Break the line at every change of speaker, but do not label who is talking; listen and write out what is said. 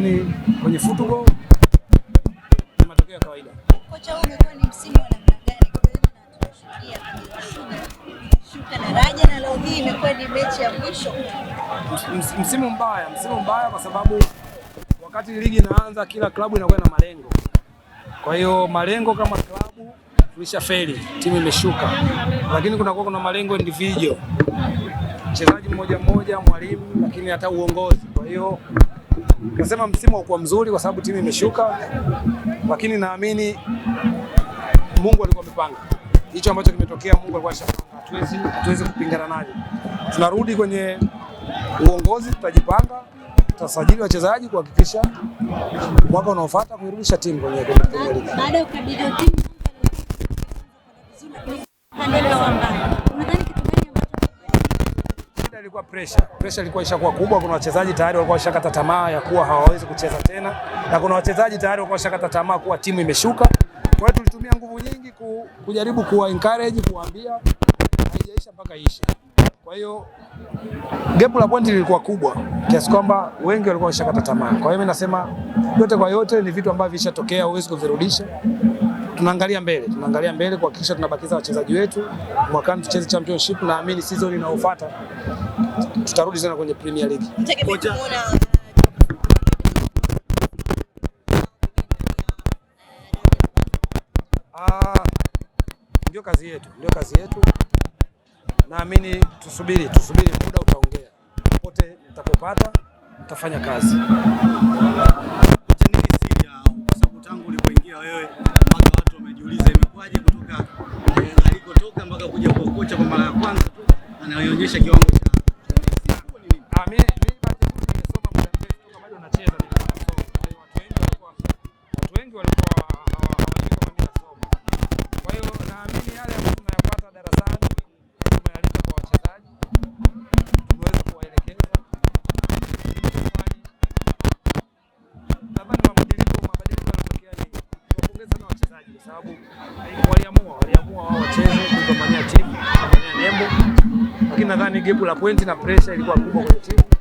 lakini kwenye football ni matokeo ya kawaida.
Kocha, huu umekuwa ni msimu wa namna gani? daraja na leo hii imekuwa ni mechi ya mwisho.
Msimu mbaya, msimu mbaya kwa sababu wakati ligi inaanza kila klabu inakuwa na malengo. Kwa hiyo malengo kama klabu tulisha feli, timu imeshuka, lakini kunakuwa kuna malengo individual, mchezaji mmoja mmoja, mwalimu, lakini hata uongozi. Kwa hiyo Nasema msimu haukuwa mzuri kwa sababu timu imeshuka, lakini naamini Mungu alikuwa amepanga hicho ambacho kimetokea. Mungu alikuwa ameshapanga, hatuwezi hatuwezi kupingana naye. Tunarudi kwenye uongozi, tutajipanga, tutasajili wachezaji kuhakikisha mwaka unaofuata kuirudisha timu kwenye
baada ya kukabidhiwa timu
kwanza ilikuwa pressure. Pressure ilikuwa ishakuwa kubwa, kuna wachezaji tayari walikuwa washakata tamaa ya kuwa hawawezi kucheza tena, na kuna wachezaji tayari walikuwa washakata tamaa kuwa timu imeshuka. Kwa hiyo tulitumia nguvu nyingi ku, kujaribu kuwa encourage, kuwaambia haijaisha mpaka ishe. Kwa hiyo gap la pointi lilikuwa kubwa kiasi kwamba wengi walikuwa washakata tamaa. Kwa hiyo mimi nasema yote kwa yote ni vitu ambavyo vishatokea, huwezi kuvirudisha tunaangalia mbele, tunaangalia mbele kuhakikisha tunabakiza wachezaji wetu. Mwakani tucheze championship, naamini season inayofuata tutarudi tena kwenye Premier League. Ah, ndio kazi yetu, ndio kazi yetu. Naamini tusubiri, tusubiri, muda utaongea. pote mtapopata mtafanya kazi.
Tangu ulipoingia wewe kutoka mpaka kuja kwa kocha kwa mara ya kwanza tu anaonyesha kiwango cha
sababu waliamua waliamua wao wacheze nadhani gepu la pointi na pressure ilikuwa kubwa kwenye timu.